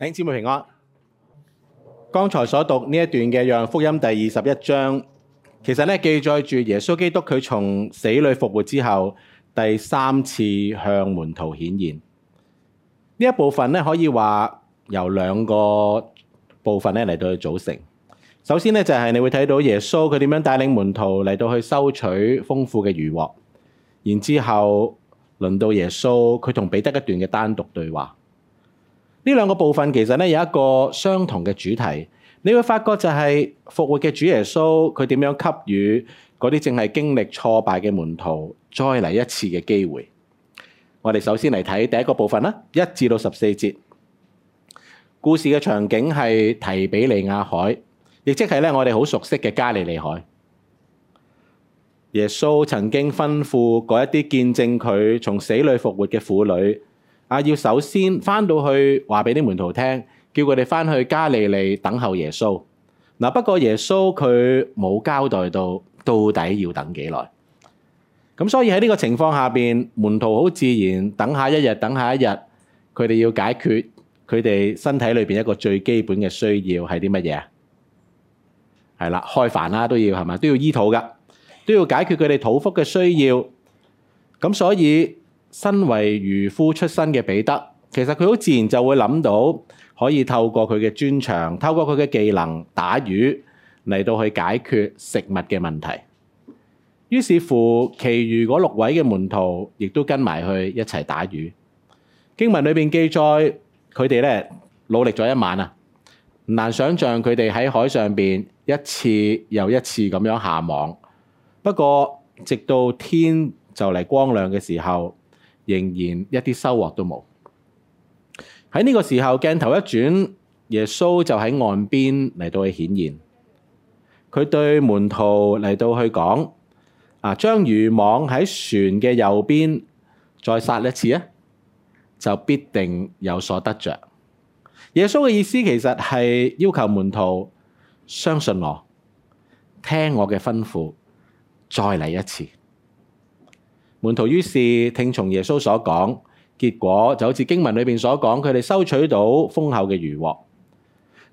請姊妹平安。剛才所讀呢一段嘅《約翰福音》第二十一章，其實咧記載住耶穌基督佢從死裏復活之後第三次向門徒顯現。呢一部分咧可以話由兩個部分咧嚟到去組成。首先咧就係你會睇到耶穌佢點樣帶領門徒嚟到去收取豐富嘅漁獲，然之後輪到耶穌佢同彼得一段嘅單獨對話。呢兩個部分其實咧有一個相同嘅主題，你會發覺就係復活嘅主耶穌，佢點樣給予嗰啲正係經歷挫敗嘅門徒再嚟一次嘅機會。我哋首先嚟睇第一個部分啦，一至到十四節。故事嘅場景係提比利亞海，亦即係咧我哋好熟悉嘅加利利海。耶穌曾經吩咐嗰一啲見證佢從死裏復活嘅婦女。啊！要首先返到去話俾啲門徒聽，叫佢哋返去加利利等候耶穌。嗱，不過耶穌佢冇交代到到底要等幾耐。咁所以喺呢個情況下邊，門徒好自然等下一日，等下一日。佢哋要解決佢哋身體裏邊一個最基本嘅需要係啲乜嘢啊？係啦，開飯啦，都要係咪，都要醫肚㗎，都要解決佢哋肚腹嘅需要。咁所以。身為漁夫出身嘅彼得，其實佢好自然就會諗到可以透過佢嘅專長，透過佢嘅技能打魚嚟到去解決食物嘅問題。於是乎，其餘嗰六位嘅門徒亦都跟埋去一齊打魚。經文裏邊記載，佢哋咧努力咗一晚啊，唔難想象佢哋喺海上邊一次又一次咁樣下網。不過，直到天就嚟光亮嘅時候。仍然一啲收穫都冇。喺呢個時候，鏡頭一轉，耶穌就喺岸邊嚟到去顯現。佢對門徒嚟到去講：「啊，將漁網喺船嘅右邊再撒一次啊，就必定有所得着。」耶穌嘅意思其實係要求門徒相信我，聽我嘅吩咐，再嚟一次。門徒於是聽從耶穌所講，結果就好似經文裏面所講，佢哋收取到豐厚嘅魚獲。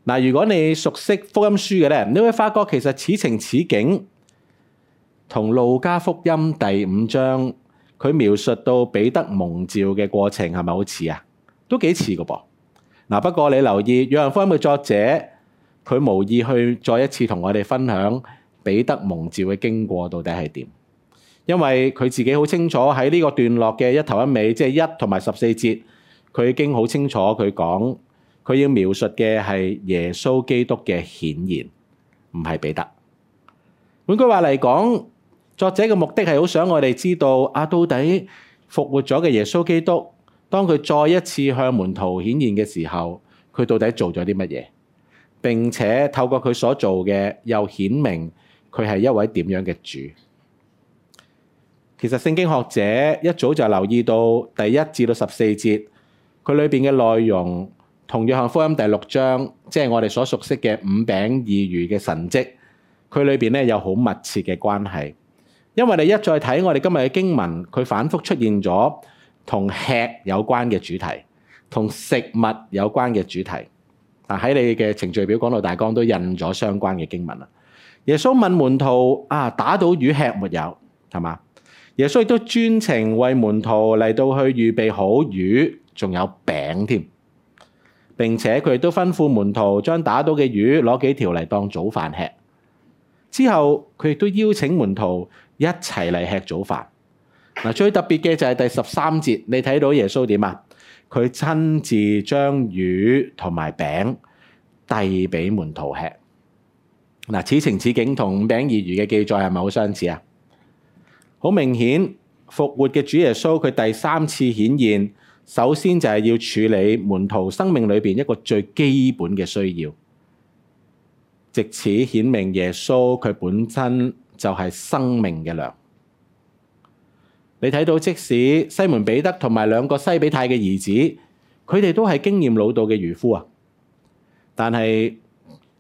嗱，如果你熟悉福音書嘅咧，你會發覺其實此情此景同路加福音第五章佢描述到彼得蒙召嘅過程係咪好似啊？都幾似嘅噃。嗱，不過你留意，約翰福音嘅作者佢無意去再一次同我哋分享彼得蒙召嘅經過到底係點。因為佢自己好清楚喺呢個段落嘅一頭一尾，即係一同埋十四節，佢已經好清楚佢講，佢要描述嘅係耶穌基督嘅顯現，唔係彼得。換句話嚟講，作者嘅目的係好想我哋知道啊，到底復活咗嘅耶穌基督，當佢再一次向門徒顯現嘅時候，佢到底做咗啲乜嘢？並且透過佢所做嘅，又顯明佢係一位點樣嘅主。其實聖經學者一早就留意到第一至到十四節佢裏邊嘅內容，同約翰福音第六章，即係我哋所熟悉嘅五餅二魚嘅神跡，佢裏邊咧有好密切嘅關係。因為你一再睇我哋今日嘅經文，佢反覆出現咗同吃有關嘅主題，同食物有關嘅主題。啊，喺你嘅程序表講到大綱都印咗相關嘅經文啦。耶穌問門徒：啊，打到魚吃沒有？係嘛？耶穌亦都專程為門徒嚟到去預備好魚，仲有餅添，並且佢亦都吩咐門徒將打到嘅魚攞幾條嚟當早飯吃。之後佢亦都邀請門徒一齊嚟吃早飯。嗱，最特別嘅就係第十三節，你睇到耶穌點啊？佢親自將魚同埋餅，餅遞俾門徒吃。嗱，此情此景同五餅二魚嘅記載係咪好相似啊？好明顯，復活嘅主耶穌佢第三次顯現，首先就係要處理門徒生命裏邊一個最基本嘅需要，藉此顯明耶穌佢本身就係生命嘅糧。你睇到即使西門彼得同埋兩個西比太嘅兒子，佢哋都係經驗老道嘅漁夫啊，但係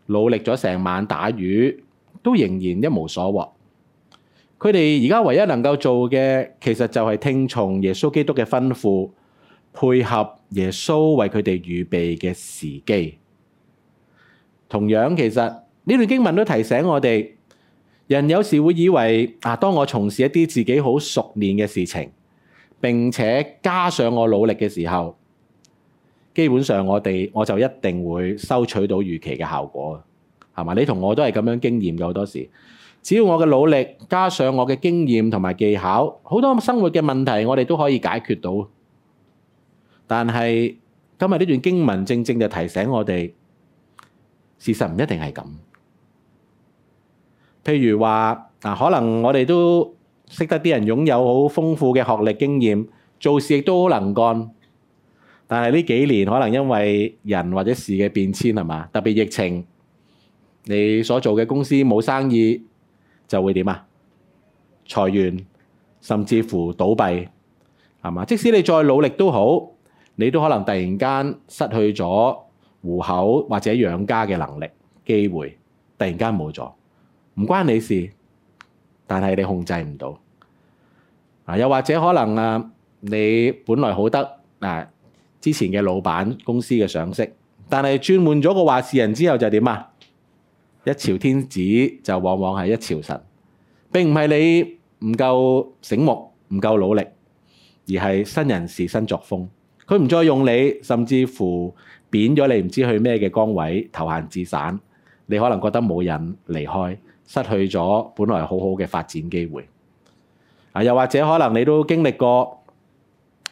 努力咗成晚打魚，都仍然一無所獲。佢哋而家唯一能夠做嘅，其實就係聽從耶穌基督嘅吩咐，配合耶穌為佢哋預備嘅時機。同樣，其實呢段經文都提醒我哋，人有時會以為啊，當我從事一啲自己好熟練嘅事情，並且加上我努力嘅時候，基本上我哋我就一定會收取到預期嘅效果，係嘛？你同我都係咁樣經驗嘅好多時。只要我嘅努力，加上我嘅經驗同埋技巧，好多生活嘅問題我哋都可以解決到。但係今日呢段經文正正就提醒我哋，事實唔一定係咁。譬如話嗱，可能我哋都識得啲人擁有好豐富嘅學歷經驗，做事亦都好能幹。但係呢幾年可能因為人或者事嘅變遷係嘛，特別疫情，你所做嘅公司冇生意。就會點啊？裁員，甚至乎倒閉，係嘛？即使你再努力都好，你都可能突然間失去咗糊口或者養家嘅能力機會，突然間冇咗，唔關你事，但係你控制唔到。啊，又或者可能啊，你本來好得嗱，之前嘅老闆公司嘅賞識，但係轉換咗個話事人之後就點啊？一朝天子就往往係一朝臣，並唔係你唔夠醒目、唔夠努力，而係新人事新作風。佢唔再用你，甚至乎扁咗你，唔知去咩嘅崗位投閒自散。你可能覺得冇人離開，失去咗本來好好嘅發展機會。啊，又或者可能你都經歷過，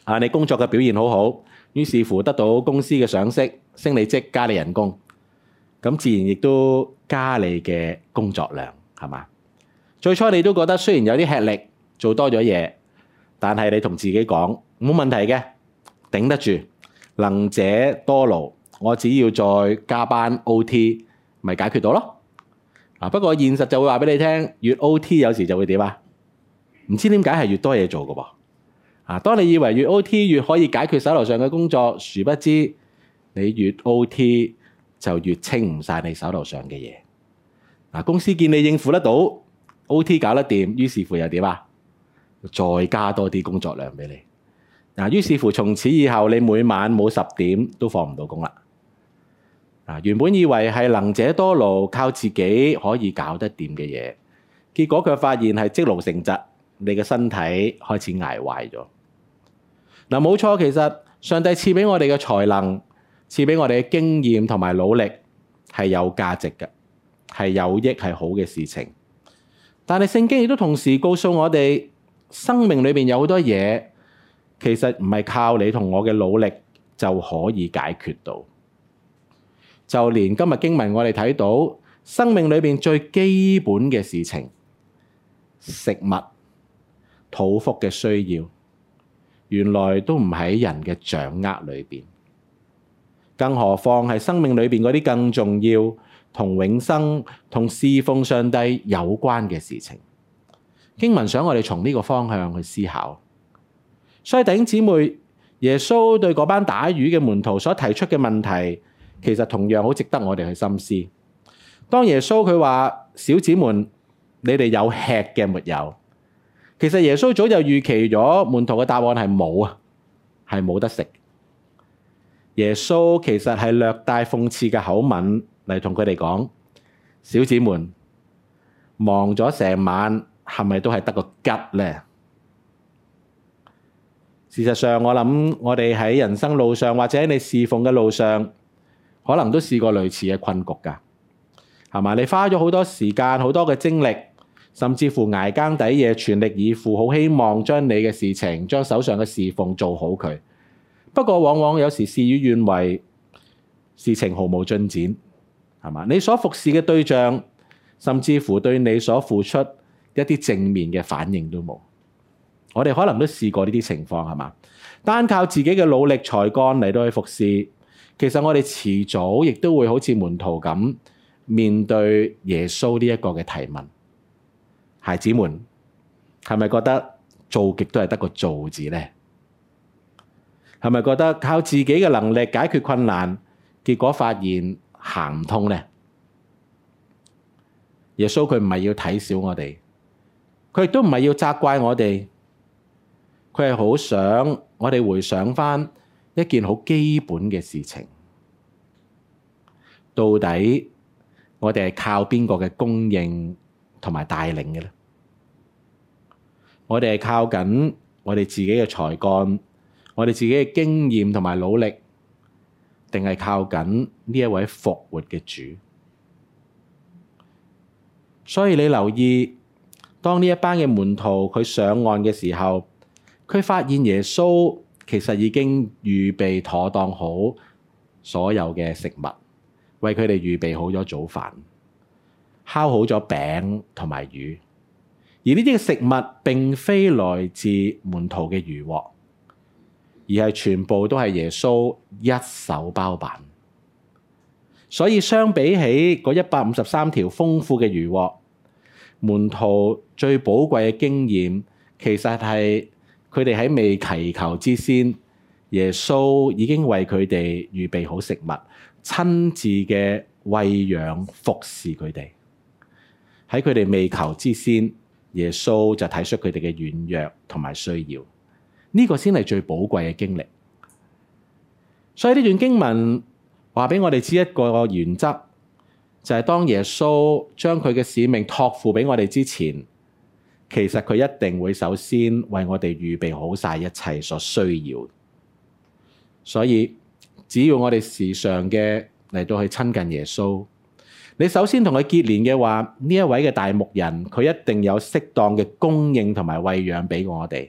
啊，你工作嘅表現好好，於是乎得到公司嘅賞識，升你職，加你人工。咁自然亦都加你嘅工作量，係嘛？最初你都覺得雖然有啲吃力，做多咗嘢，但係你同自己講冇問題嘅，頂得住，能者多勞，我只要再加班 OT 咪解決到咯。啊，不過現實就會話俾你聽，越 OT 有時就會點啊？唔知點解係越多嘢做嘅喎。啊，當你以為越 OT 越可以解決手頭上嘅工作，殊不知你越 OT。就越清唔曬你手頭上嘅嘢。嗱，公司見你應付得到，OT 搞得掂，於是乎又點啊？再加多啲工作量俾你。嗱，於是乎從此以後，你每晚冇十點都放唔到工啦。嗱，原本以為係能者多勞，靠自己可以搞得掂嘅嘢，結果卻發現係積勞成疾，你嘅身體開始捱壞咗。嗱，冇錯，其實上帝賜俾我哋嘅才能。賜畀我哋嘅經驗同埋努力係有價值嘅，係有益係好嘅事情。但係聖經亦都同時告訴我哋，生命裏邊有好多嘢其實唔係靠你同我嘅努力就可以解決到。就連今日經文我哋睇到，生命裏邊最基本嘅事情，食物、肚腹嘅需要，原來都唔喺人嘅掌握裏邊。更何況係生命裏邊嗰啲更重要、同永生、同侍奉上帝有關嘅事情。經文想我哋從呢個方向去思考，所以弟兄姊妹，耶穌對嗰班打魚嘅門徒所提出嘅問題，其實同樣好值得我哋去深思。當耶穌佢話小子們，你哋有吃嘅沒有？其實耶穌早就預期咗門徒嘅答案係冇啊，係冇得食。耶穌其實係略帶諷刺嘅口吻嚟同佢哋講：小子們，忙咗成晚，係咪都係得個吉咧？事實上，我諗我哋喺人生路上，或者你侍奉嘅路上，可能都試過類似嘅困局㗎，係嘛？你花咗好多時間、好多嘅精力，甚至乎捱更抵夜，全力以赴，好希望將你嘅事情、將手上嘅侍奉做好佢。不過，往往有時事與願違，事情毫無進展，係嘛？你所服侍嘅對象，甚至乎對你所付出一啲正面嘅反應都冇。我哋可能都試過呢啲情況，係嘛？單靠自己嘅努力、才幹嚟到去服侍。其實我哋遲早亦都會好似門徒咁面對耶穌呢一個嘅提問。孩子們，係咪覺得做極都係得個做字咧？係咪覺得靠自己嘅能力解決困難，結果發現行唔通呢？耶穌佢唔係要睇小我哋，佢亦都唔係要責怪我哋，佢係好想我哋回想返一件好基本嘅事情，到底我哋係靠邊個嘅供應同埋帶領嘅咧？我哋係靠緊我哋自己嘅才幹。我哋自己嘅經驗同埋努力，定係靠緊呢一位復活嘅主。所以你留意，當呢一班嘅門徒佢上岸嘅時候，佢發現耶穌其實已經預備妥當好所有嘅食物，為佢哋預備好咗早飯，烤好咗餅同埋魚。而呢啲嘅食物並非來自門徒嘅漁獲。而係全部都係耶穌一手包辦，所以相比起嗰一百五十三條豐富嘅魚獲，門徒最寶貴嘅經驗，其實係佢哋喺未祈求之先，耶穌已經為佢哋預備好食物，親自嘅餵養服侍佢哋。喺佢哋未求之先，耶穌就睇出佢哋嘅軟弱同埋需要。呢個先係最寶貴嘅經歷，所以呢段經文話畀我哋知一個原則，就係當耶穌將佢嘅使命托付畀我哋之前，其實佢一定會首先為我哋預備好晒一切所需要。所以只要我哋時常嘅嚟到去親近耶穌，你首先同佢結連嘅話，呢一位嘅大牧人，佢一定有適當嘅供應同埋餵養畀我哋。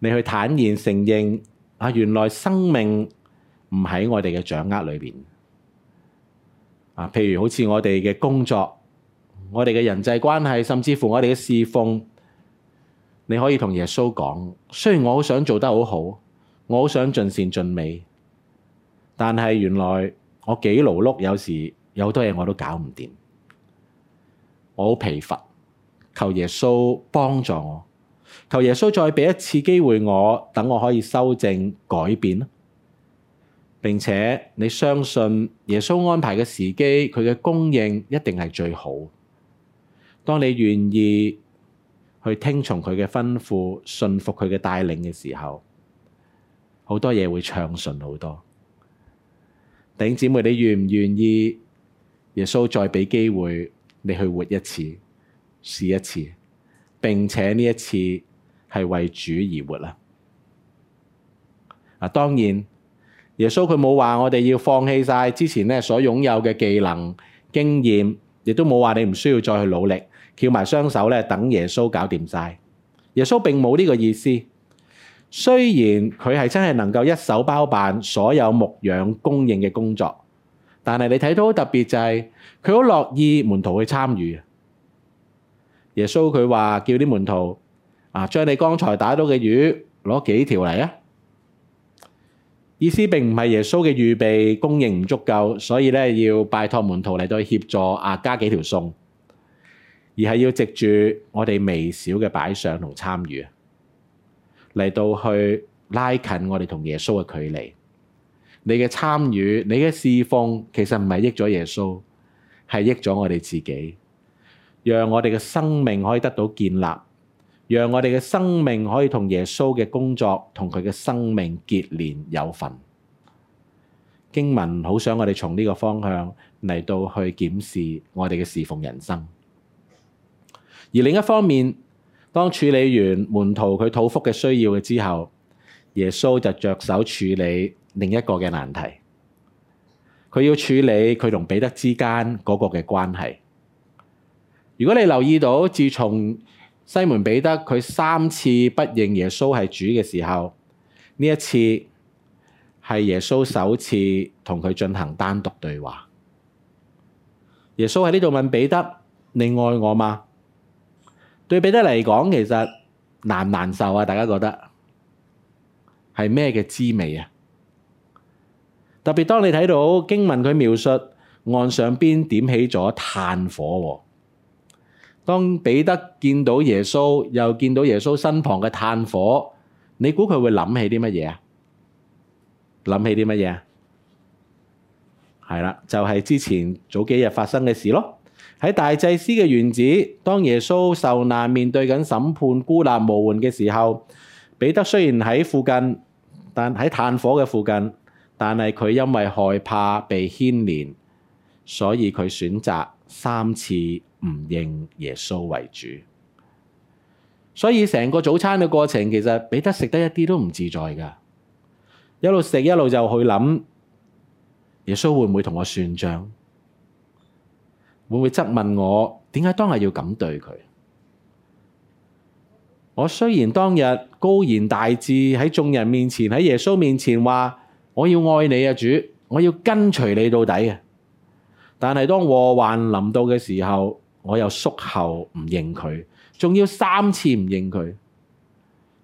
你去坦然承認，原來生命唔喺我哋嘅掌握裏邊啊，譬如好似我哋嘅工作，我哋嘅人際關係，甚至乎我哋嘅侍奉，你可以同耶穌講。雖然我好想做得好好，我好想盡善盡美，但係原來我幾勞碌，有時有好多嘢我都搞唔掂，我好疲乏，求耶穌幫助我。求耶穌再畀一次機會我，等我可以修正改變啦，並且你相信耶穌安排嘅時機，佢嘅供應一定係最好。當你願意去聽從佢嘅吩咐，信服佢嘅帶領嘅時候，好多嘢會暢順好多。弟兄姊妹，你願唔願意耶穌再畀機會你去活一次，試一次，並且呢一次，係為主而活啦！啊，當然耶穌佢冇話我哋要放棄曬之前咧所擁有嘅技能經驗，亦都冇話你唔需要再去努力，翹埋雙手咧等耶穌搞掂曬。耶穌並冇呢個意思。雖然佢係真係能夠一手包辦所有牧養供應嘅工作，但係你睇到特別就係佢好樂意門徒去參與。耶穌佢話叫啲門徒。啊！將你剛才打到嘅魚攞幾條嚟啊！意思並唔係耶穌嘅預備供應唔足夠，所以咧要拜託門徒嚟到協助啊，加幾條餸。而係要藉住我哋微小嘅擺上同參與，嚟到去拉近我哋同耶穌嘅距離。你嘅參與，你嘅侍奉，其實唔係益咗耶穌，係益咗我哋自己，讓我哋嘅生命可以得到建立。讓我哋嘅生命可以同耶穌嘅工作同佢嘅生命結連有份。經文好想我哋從呢個方向嚟到去檢視我哋嘅侍奉人生。而另一方面，當處理完門徒佢肚腹嘅需要嘅之後，耶穌就着手處理另一個嘅難題。佢要處理佢同彼得之間嗰個嘅關係。如果你留意到，自從西門彼得佢三次不認耶穌係主嘅時候，呢一次係耶穌首次同佢進行單獨對話。耶穌喺呢度問彼得：你愛我嗎？對彼得嚟講，其實難唔難受啊！大家覺得係咩嘅滋味啊？特別當你睇到經文佢描述岸上邊點起咗炭火喎。當彼得見到耶穌，又見到耶穌身旁嘅炭火，你估佢會諗起啲乜嘢啊？諗起啲乜嘢啊？係啦，就係、是、之前早幾日發生嘅事咯。喺大祭司嘅院子，當耶穌受難面對緊審判、孤立無援嘅時候，彼得雖然喺附近，但喺炭火嘅附近，但係佢因為害怕被牽連，所以佢選擇三次。唔認耶穌為主，所以成個早餐嘅過程，其實彼得食得一啲都唔自在㗎，一路食一路就去諗耶穌會唔會同我算賬，會唔會質問我點解當日要咁對佢？我雖然當日高言大志喺眾人面前、喺耶穌面前話我要愛你啊主，我要跟隨你到底啊，但係當禍患臨到嘅時候。我又縮後唔認佢，仲要三次唔認佢，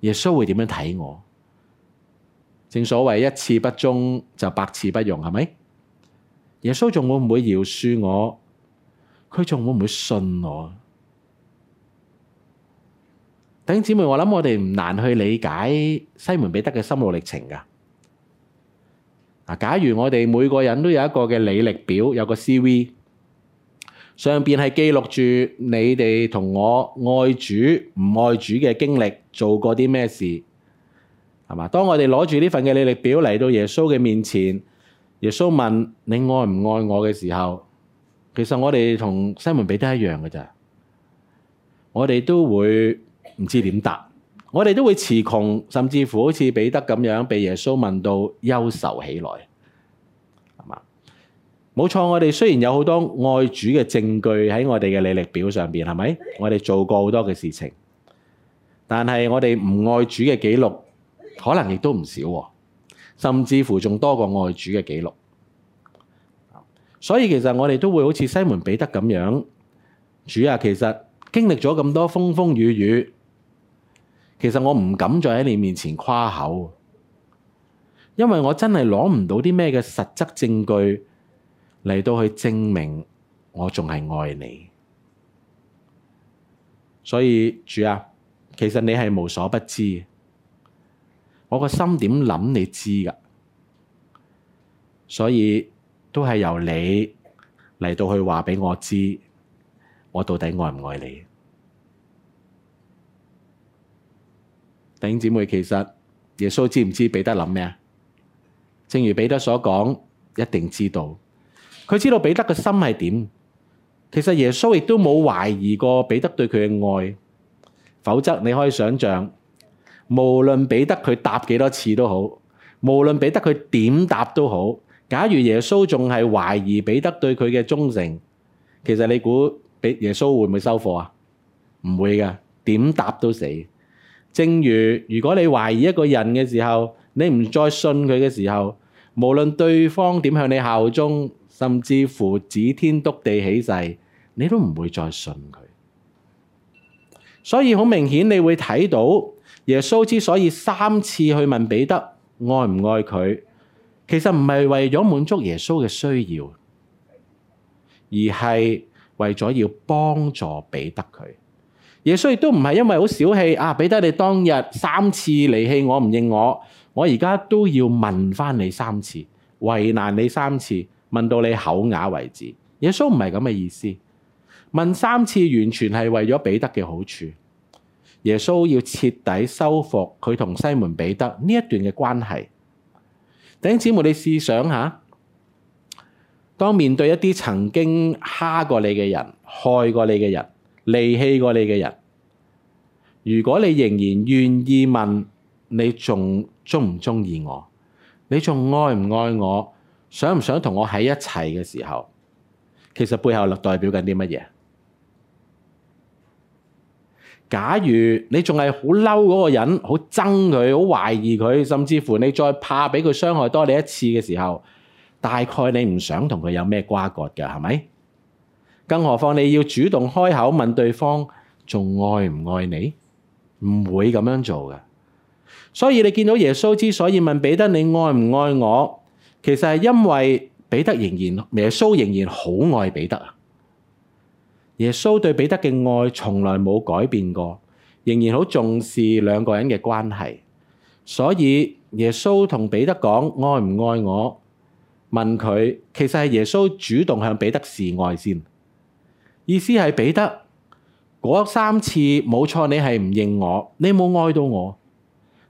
耶穌會點樣睇我？正所謂一次不忠就百次不容，係咪？耶穌仲會唔會饒恕我？佢仲會唔會信我？弟兄姊妹，我諗我哋唔難去理解西門彼得嘅心路歷程噶。嗱，假如我哋每個人都有一個嘅履歷表，有個 CV。上邊係記錄住你哋同我愛主唔愛主嘅經歷，做過啲咩事，係嘛？當我哋攞住呢份嘅履歷表嚟到耶穌嘅面前，耶穌問你愛唔愛我嘅時候，其實我哋同西門彼得一樣嘅咋，我哋都會唔知點答，我哋都會詞窮，甚至乎好似彼得咁樣，被耶穌問到憂愁起來。冇錯，我哋雖然有好多愛主嘅證據喺我哋嘅履歷表上邊，係咪？我哋做過好多嘅事情，但係我哋唔愛主嘅記錄，可能亦都唔少喎，甚至乎仲多過愛主嘅記錄。所以其實我哋都會好似西門彼得咁樣，主啊，其實經歷咗咁多風風雨雨，其實我唔敢再喺你面前誇口，因為我真係攞唔到啲咩嘅實質證據。嚟到去證明我仲係愛你，所以主啊，其實你係無所不知，我個心點諗你知㗎，所以都係由你嚟到去話畀我知，我到底愛唔愛你？弟兄姊妹，其實耶穌知唔知彼得諗咩啊？正如彼得所講，一定知道。佢知道彼得嘅心係點，其實耶穌亦都冇懷疑過彼得對佢嘅愛，否則你可以想像，無論彼得佢答幾多次都好，無論彼得佢點答都好，假如耶穌仲係懷疑彼得對佢嘅忠誠，其實你估俾耶穌會唔會收貨啊？唔會㗎，點答都死。正如如果你懷疑一個人嘅時候，你唔再信佢嘅時候。無論對方點向你效忠，甚至乎指天篤地起誓，你都唔會再信佢。所以好明顯，你會睇到耶穌之所以三次去問彼得愛唔愛佢，其實唔係為咗滿足耶穌嘅需要，而係為咗要幫助彼得佢。耶穌亦都唔係因為好小氣啊，彼得你當日三次離棄我，唔認我。我而家都要問翻你三次，為難你三次，問到你口啞為止。耶穌唔係咁嘅意思，問三次完全係為咗彼得嘅好處。耶穌要徹底修復佢同西門彼得呢一段嘅關係。弟兄姊妹，你試想下，當面對一啲曾經蝦過你嘅人、害過你嘅人、離棄過你嘅人，如果你仍然願意問，你仲鍾唔鍾意我？你仲愛唔愛我？想唔想同我喺一齊嘅時候，其實背後略代表緊啲乜嘢？假如你仲係好嬲嗰個人，好憎佢，好懷疑佢，甚至乎你再怕畀佢傷害多你一次嘅時候，大概你唔想同佢有咩瓜葛嘅，係咪？更何況你要主動開口問對方仲愛唔愛你，唔會咁樣做嘅。所以你見到耶穌之所以問彼得，你愛唔愛我？其實係因為彼得仍然，耶穌仍然好愛彼得。耶穌對彼得嘅愛從來冇改變過，仍然好重視兩個人嘅關係。所以耶穌同彼得講，愛唔愛我，問佢其實係耶穌主動向彼得示愛先，意思係彼得，嗰三次冇錯，你係唔認我，你冇愛到我。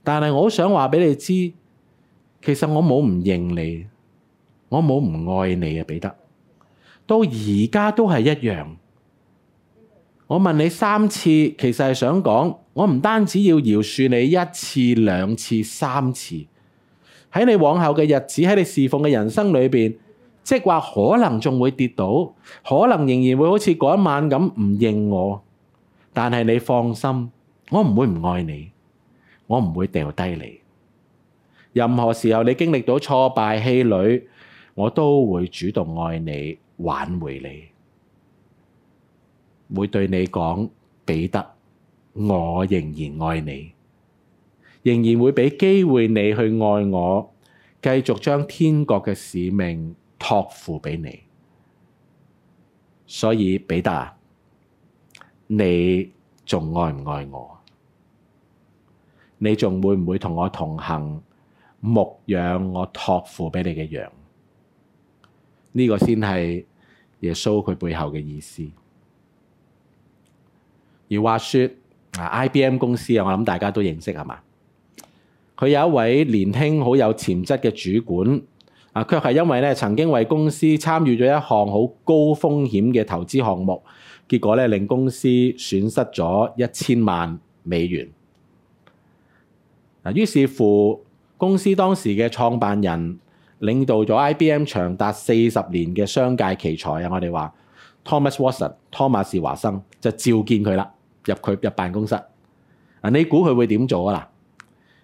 但係我想話畀你知，其實我冇唔認你，我冇唔愛你啊，彼得。到而家都係一樣。我問你三次，其實係想講，我唔單止要饒恕你一次、兩次、三次。喺你往後嘅日子，喺你侍奉嘅人生裏邊，即係話可能仲會跌倒，可能仍然會好似嗰一晚咁唔認我。但係你放心，我唔會唔愛你。我唔會掉低你。任何時候你經歷到挫敗、氣餒，我都會主動愛你，挽回你，會對你講，彼得，我仍然愛你，仍然會畀機會你去愛我，繼續將天國嘅使命托付俾你。所以，彼得，你仲愛唔愛我？你仲會唔會同我同行牧養我託付畀你嘅羊？呢、這個先係耶穌佢背後嘅意思。而話説，IBM 公司啊，我諗大家都認識係嘛？佢有一位年輕好有潛質嘅主管啊，卻係因為咧曾經為公司參與咗一項好高風險嘅投資項目，結果咧令公司損失咗一千萬美元。嗱，於是乎，公司當時嘅創辦人領導咗 IBM 長達四十年嘅商界奇才啊，我哋話 Thomas Watson，Thomas 華生就召見佢啦，入佢入辦公室。啊、你估佢會點做啊？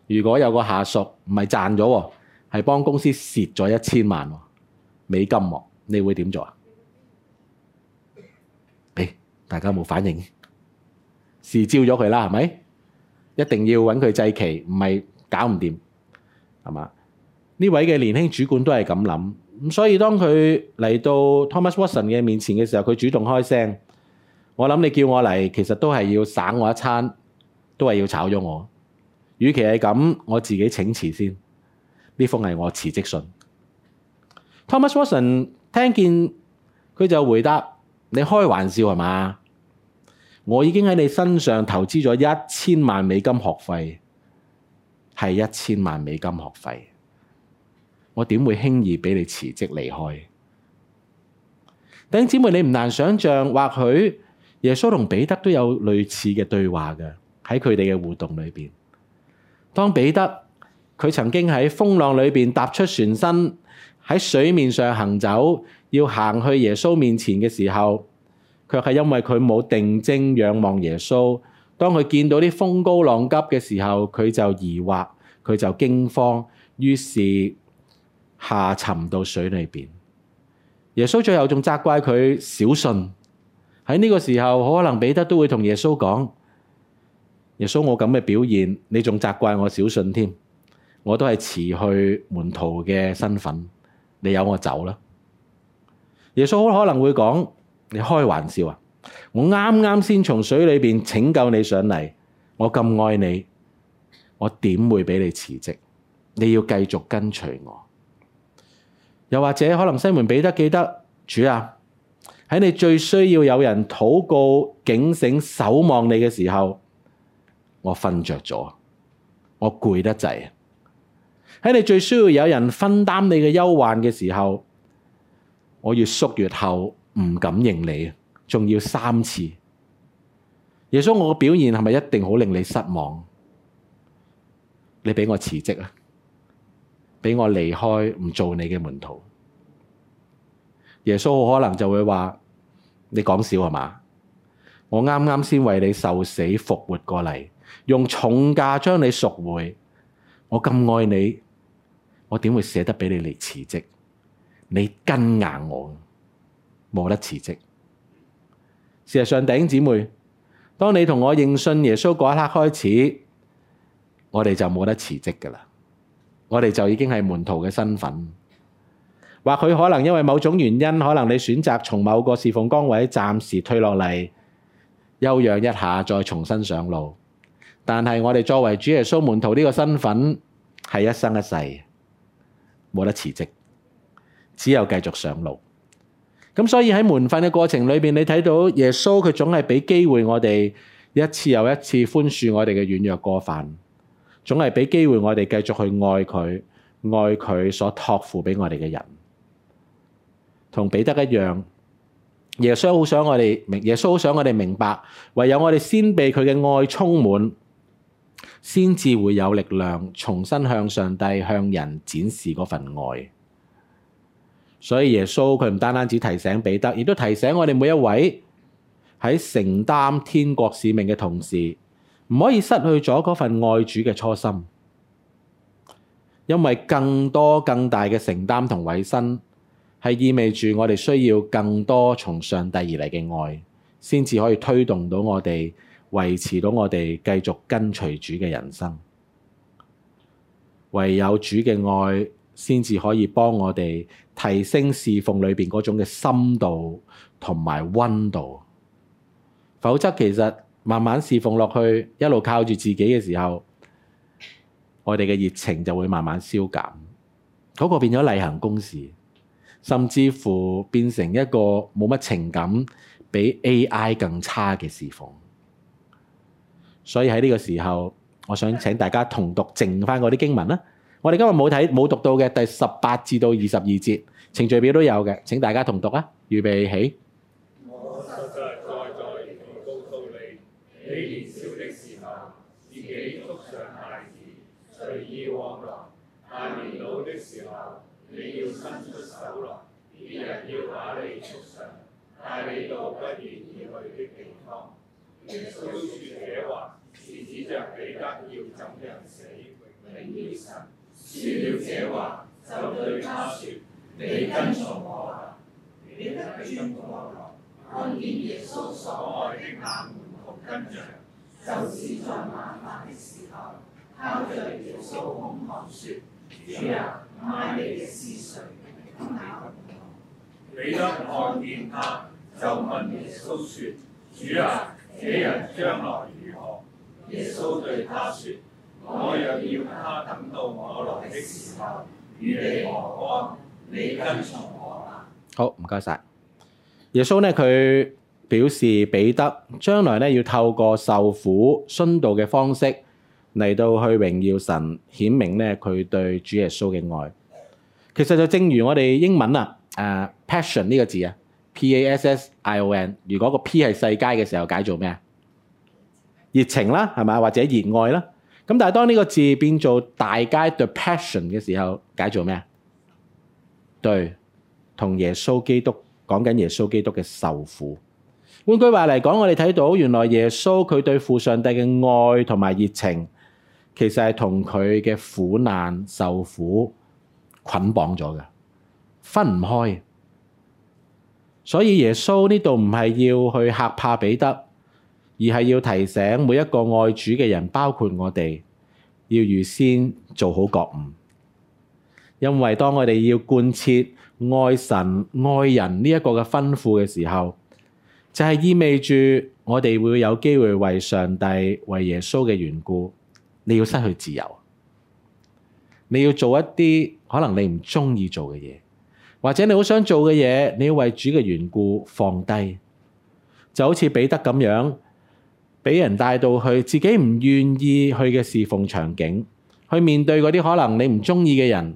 如果有個下屬唔係賺咗，係幫公司蝕咗一千萬美金喎、啊，你會點做啊？俾、哎、大家冇反應，了他了是召咗佢啦，係咪？一定要揾佢祭旗，唔係搞唔掂，係嘛？呢位嘅年輕主管都係咁諗，咁所以當佢嚟到 Thomas Watson 嘅面前嘅時候，佢主動開聲。我諗你叫我嚟，其實都係要省我一餐，都係要炒咗我。與其係咁，我自己請辭先。呢封係我辭職信。Thomas Watson 聽見，佢就回答：你開玩笑係嘛？我已經喺你身上投資咗一千萬美金學費，係一千萬美金學費。我點會輕易俾你辭職離開？弟兄姊妹，你唔難想象，或許耶穌同彼得都有類似嘅對話嘅喺佢哋嘅互動裏邊。當彼得佢曾經喺風浪裏邊踏出船身喺水面上行走，要行去耶穌面前嘅時候。卻係因為佢冇定睛仰望耶穌，當佢見到啲風高浪急嘅時候，佢就疑惑，佢就驚慌，於是下沉到水裏邊。耶穌最後仲責怪佢小信。喺呢個時候，可能彼得都會同耶穌講：耶穌，我咁嘅表現，你仲責怪我小信添？我都係辭去門徒嘅身份，你有我走啦。耶穌好可能會講。你開玩笑啊！我啱啱先從水裏面拯救你上嚟，我咁愛你，我點會俾你辭職？你要繼續跟隨我。又或者可能西門彼得記得主啊，喺你最需要有人禱告、警醒、守望你嘅時候，我瞓着咗，我攰得滯。喺你最需要有人分擔你嘅憂患嘅時候，我越縮越後。唔敢認你仲要三次，耶穌，我嘅表現係咪一定好令你失望？你畀我辭職啊？畀我離開，唔做你嘅門徒。耶穌好可能就會話：你講笑係嘛？我啱啱先為你受死復活過嚟，用重價將你贖回。我咁愛你，我點會捨得畀你嚟辭職？你跟硬我。冇得辭職。事實上，弟兄姊妹，當你同我認信耶穌嗰一刻開始，我哋就冇得辭職㗎喇。我哋就已經係門徒嘅身份。或許可能因為某種原因，可能你選擇從某個侍奉崗位暫時退落嚟休養一下，再重新上路。但係我哋作為主耶穌門徒呢個身份係一生一世，冇得辭職，只有繼續上路。咁所以喺門訓嘅過程裏邊，你睇到耶穌佢總係畀機會我哋一次又一次寬恕我哋嘅軟弱過犯，總係畀機會我哋繼續去愛佢，愛佢所託付畀我哋嘅人。同彼得一樣，耶穌好想我哋明，耶穌好想我哋明白，唯有我哋先被佢嘅愛充滿，先至會有力量重新向上帝向人展示嗰份愛。所以耶穌佢唔單單只提醒彼得，亦都提醒我哋每一位喺承擔天國使命嘅同時，唔可以失去咗嗰份愛主嘅初心。因為更多更大嘅承擔同委身，係意味住我哋需要更多從上帝而嚟嘅愛，先至可以推動到我哋維持到我哋繼續跟隨主嘅人生。唯有主嘅愛，先至可以幫我哋。提升侍奉裏邊嗰種嘅深度同埋溫度，否則其實慢慢侍奉落去，一路靠住自己嘅時候，我哋嘅熱情就會慢慢消減，嗰個變咗例行公事，甚至乎變成一個冇乜情感，比 AI 更差嘅侍奉。所以喺呢個時候，我想請大家同讀剩翻嗰啲經文啦。我哋今日冇睇冇讀到嘅第十八至到二十二節。程序表都有嘅，請大家同讀啊！預備起。我實實在在地告訴你，你年少的時候，自己束上帶子，隨意往來；但年老的時候，你要伸出手來，別人要把你束上，帶你到不願意去的地方。耶穌說這話，是指著彼得要怎樣死，榮耀神。說了這話，就對他說。你跟從我啦，彼得轉過來，看見耶穌所愛的門徒跟著，就是在晚飯的時候，靠着耶穌胸膛説：主啊，賣你的是誰？跟那門徒，彼得看見他，就問耶穌説：主啊，這人將來如何？耶穌對他説：我若要他等到我來的時候，與你何干？你跟隨我啊！好，唔該晒。耶穌咧，佢表示彼得將來咧，要透過受苦殉道嘅方式嚟到去榮耀神，顯明咧佢對主耶穌嘅愛。其實就正如我哋英文啊，誒，passion 呢個字啊，p a s s i o n。如果個 p 係細楷嘅時候解做咩啊？熱情啦，係咪？或者熱愛啦。咁但係當呢個字變做大楷 The passion 嘅時候，解做咩啊？對，同耶穌基督講緊耶穌基督嘅受苦。換句話嚟講，我哋睇到原來耶穌佢對父上帝嘅愛同埋熱情，其實係同佢嘅苦難受苦捆綁咗嘅，分唔開。所以耶穌呢度唔係要去吓怕彼得，而係要提醒每一個愛主嘅人，包括我哋，要預先做好覺悟。因為當我哋要貫徹愛神、愛人呢一個嘅吩咐嘅時候，就係意味住我哋會有機會為上帝、為耶穌嘅緣故，你要失去自由，你要做一啲可能你唔中意做嘅嘢，或者你好想做嘅嘢，你要為主嘅緣故放低，就好似彼得咁樣，俾人帶到去自己唔願意去嘅侍奉場景，去面對嗰啲可能你唔中意嘅人。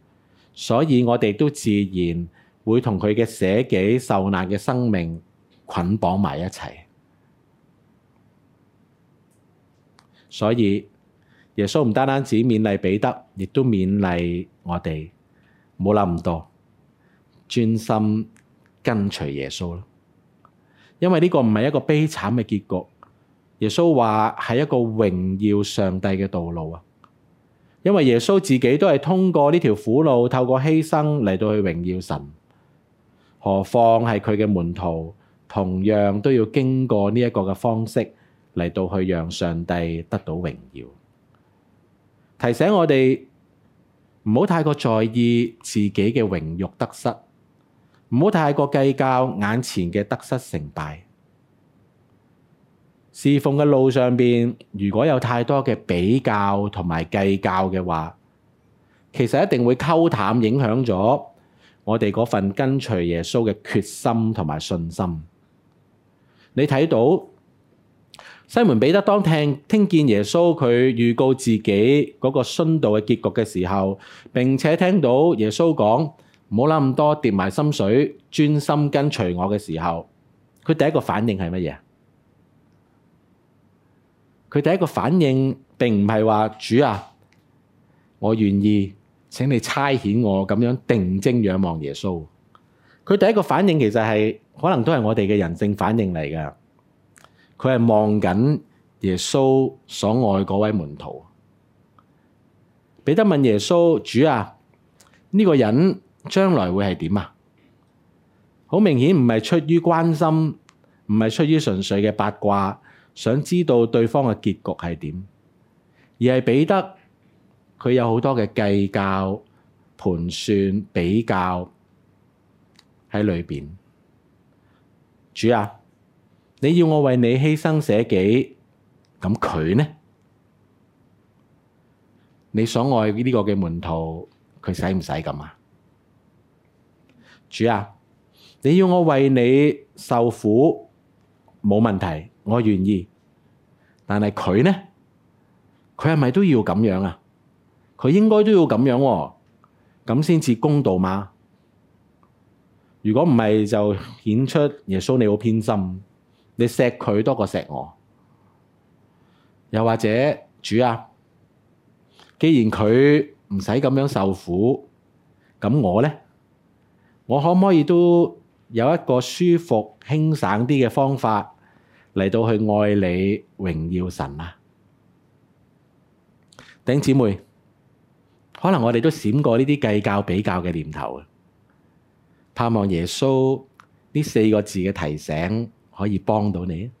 所以我哋都自然會同佢嘅捨己受難嘅生命捆綁埋一齊。所以耶穌唔單單止勉勵彼得，亦都勉勵我哋冇諗咁多，專心跟隨耶穌咯。因為呢個唔係一個悲慘嘅結局，耶穌話係一個榮耀上帝嘅道路啊！因為耶穌自己都係通過呢條苦路，透過犧牲嚟到去榮耀神，何況係佢嘅門徒，同樣都要經過呢一個嘅方式嚟到去讓上帝得到榮耀。提醒我哋唔好太過在意自己嘅榮辱得失，唔好太過計較眼前嘅得失成敗。侍奉嘅路上邊，如果有太多嘅比較同埋計較嘅話，其實一定會溝淡，影響咗我哋嗰份跟隨耶穌嘅決心同埋信心。你睇到西門彼得當聽聽見耶穌佢預告自己嗰個殉道嘅結局嘅時候，並且聽到耶穌講唔好諗咁多，掂埋心水，專心跟隨我嘅時候，佢第一個反應係乜嘢？佢第一個反應並唔係話主啊，我願意請你差遣我咁樣定睛仰望耶穌。佢第一個反應其實係可能都係我哋嘅人性反應嚟㗎。佢係望緊耶穌所愛嗰位門徒。彼得問耶穌：主啊，呢個人將來會係點啊？好明顯唔係出於關心，唔係出於純粹嘅八卦。想知道對方嘅結局係點，而係彼得佢有好多嘅計較、盤算、比較喺裏邊。主啊，你要我為你犧牲捨己，咁佢呢？你所愛呢個嘅門徒，佢使唔使咁啊？主啊，你要我為你受苦，冇問題。我願意，但係佢呢？佢係咪都要咁樣啊？佢應該都要咁樣喎啊，咁先至公道嘛。如果唔係，就顯出耶穌你好偏心，你錫佢多過錫我。又或者主啊，既然佢唔使咁樣受苦，咁我呢？我可唔可以都有一個舒服輕省啲嘅方法？嚟到去愛你榮耀神啊！弟兄姐妹，可能我哋都閃過呢啲計較比較嘅念頭啊！盼望耶穌呢四個字嘅提醒可以幫到你。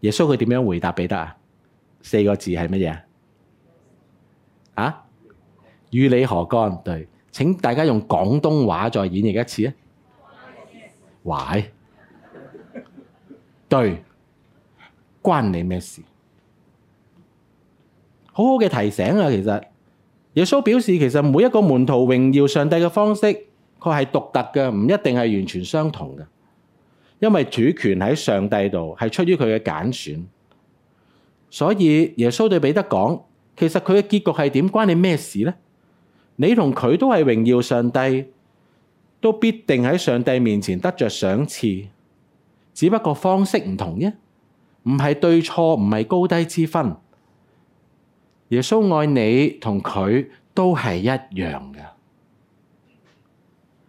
耶穌佢點樣回答彼得啊？四個字係乜嘢啊？啊？與你何干？對，請大家用廣東話再演繹一次啊！喂，對。關你咩事？好好嘅提醒啊！其實耶穌表示，其實每一個門徒榮耀上帝嘅方式，佢係獨特嘅，唔一定係完全相同嘅。因為主權喺上帝度，係出於佢嘅揀選。所以耶穌對彼得講，其實佢嘅結局係點？關你咩事咧？你同佢都係榮耀上帝，都必定喺上帝面前得着賞賜，只不過方式唔同啫。唔係對錯，唔係高低之分。耶穌愛你同佢都係一樣嘅，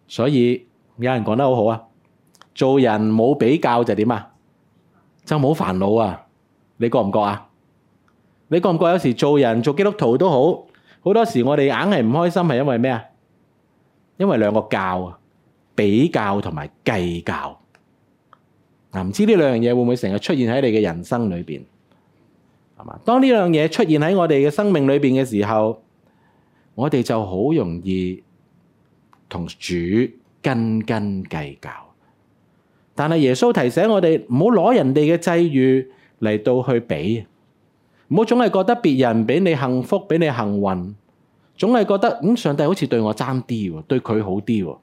所以有人講得好好啊。做人冇比較就點啊？就冇煩惱啊！你覺唔覺啊？你覺唔覺有時做人做基督徒都好，好多時我哋硬係唔開心係因為咩啊？因為兩個教啊，比較同埋計較。嗱，唔知呢兩樣嘢會唔會成日出現喺你嘅人生裏邊，係嘛？當呢兩樣嘢出現喺我哋嘅生命裏邊嘅時候，我哋就好容易同主斤斤計較。但係耶穌提醒我哋唔好攞人哋嘅際遇嚟到去比，唔好總係覺得別人比你幸福，比你幸運，總係覺得咁上帝好似對我爭啲喎，對佢好啲喎，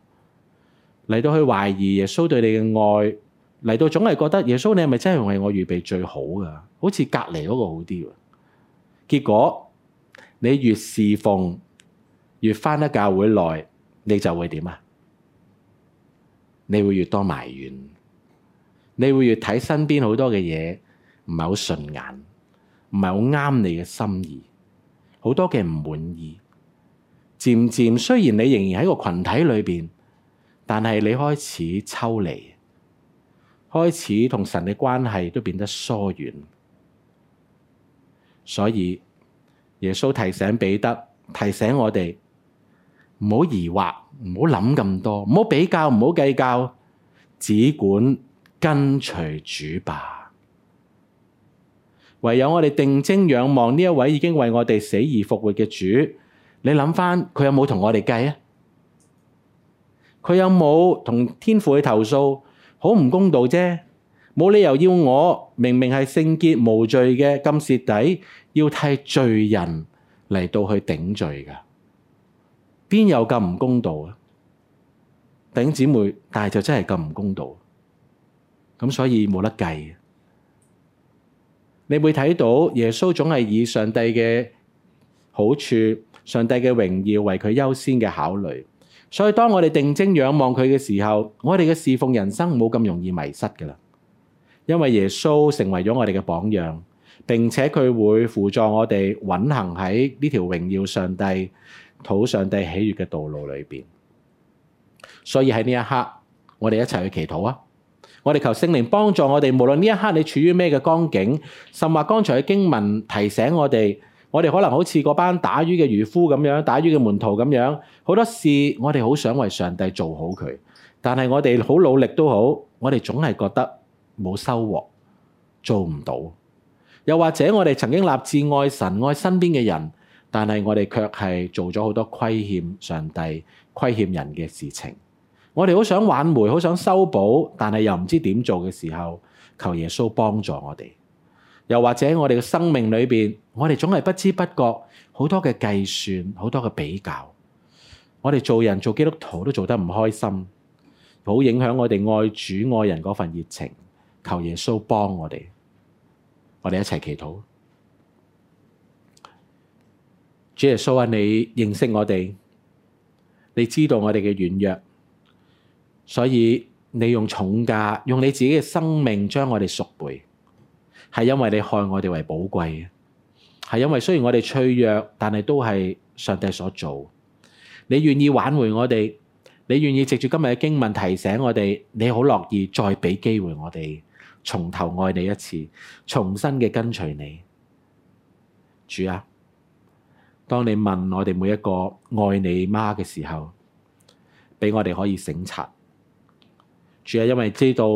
嚟到去懷疑耶穌對你嘅愛。嚟到，總係覺得耶穌，你係咪真係為我預備最好㗎？好似隔離嗰個好啲。結果你越侍奉，越返得教會內，你就會點啊？你會越多埋怨，你會越睇身邊好多嘅嘢唔係好順眼，唔係好啱你嘅心意，好多嘅唔滿意。漸漸雖然你仍然喺個群體裏邊，但係你開始抽離。開始同神嘅關係都變得疏遠，所以耶穌提醒彼得，提醒我哋唔好疑惑，唔好諗咁多，唔好比較，唔好計較，只管跟隨主吧。唯有我哋定睛仰望呢一位已經為我哋死而復活嘅主。你諗返，佢有冇同我哋計啊？佢有冇同天父去投訴？好唔公道啫！冇理由要我明明係聖潔無罪嘅金舌底，要替罪人嚟到去頂罪㗎，邊有咁唔公道咧？頂姊妹，但係就真係咁唔公道，咁所以冇得計。你會睇到耶穌總係以上帝嘅好處、上帝嘅榮耀為佢優先嘅考慮。所以當我哋定睛仰望佢嘅時候，我哋嘅侍奉人生冇咁容易迷失㗎喇，因為耶穌成為咗我哋嘅榜樣，並且佢會輔助我哋穩行喺呢條榮耀上帝、討上帝喜悅嘅道路裏面。所以喺呢一刻，我哋一齊去祈禱啊！我哋求聖靈幫助我哋，無論呢一刻你處於咩嘅光景，甚或剛才嘅經文提醒我哋。我哋可能好似嗰班打魚嘅漁夫咁樣，打魚嘅門徒咁樣，好多事我哋好想為上帝做好佢，但係我哋好努力都好，我哋總係覺得冇收穫，做唔到。又或者我哋曾經立志愛神、愛身邊嘅人，但係我哋卻係做咗好多虧欠上帝、虧欠人嘅事情。我哋好想挽回、好想修補，但係又唔知點做嘅時候，求耶穌幫助我哋。又或者喺我哋嘅生命裏面，我哋總係不知不覺好多嘅計算，好多嘅比較，我哋做人做基督徒都做得唔開心，好影響我哋愛主愛人嗰份熱情。求耶穌幫我哋，我哋一齊祈禱。主耶穌啊，你認識我哋，你知道我哋嘅軟弱，所以你用重價，用你自己嘅生命將我哋贖回。係因為你害我哋為寶貴嘅，是因為雖然我哋脆弱，但係都係上帝所做。你願意挽回我哋，你願意藉住今日嘅經文提醒我哋，你好樂意再俾機會我哋，重頭愛你一次，重新嘅跟隨你，主啊！當你問我哋每一個愛你媽嘅時候，俾我哋可以省察，主啊，因為知道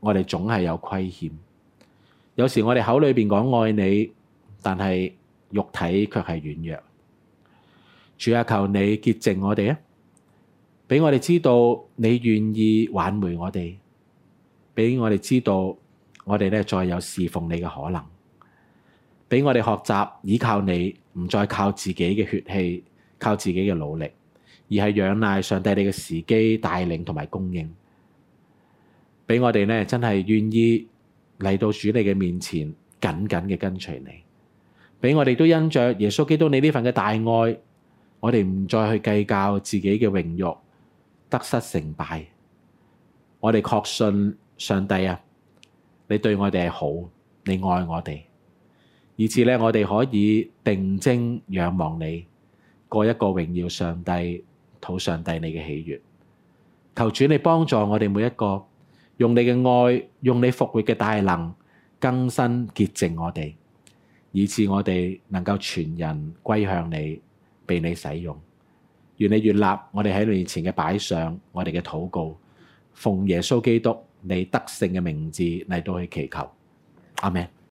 我哋總係有虧欠。有時我哋口裏邊講愛你，但係肉體卻係軟弱。主啊，求你潔淨我哋啊，畀我哋知道你願意挽回我哋，畀我哋知道我哋咧再有侍奉你嘅可能，畀我哋學習依靠你，唔再靠自己嘅血氣、靠自己嘅努力，而係仰賴上帝你嘅時機帶領同埋供應，畀我哋咧真係願意，嚟到主你嘅面前，緊緊嘅跟隨你，俾我哋都因着耶穌基督你呢份嘅大愛，我哋唔再去計較自己嘅榮辱得失成敗，我哋確信上帝啊，你對我哋係好，你愛我哋，以致咧我哋可以定睛仰望你，過一個榮耀上帝，討上帝你嘅喜悅，求主你幫助我哋每一個。用你嘅愛，用你復活嘅大能更新潔淨我哋，以致我哋能夠全人歸向你，被你使用。願你悅納我哋喺你面前嘅擺上，我哋嘅禱告，奉耶穌基督你得勝嘅名字嚟到去祈求。阿門。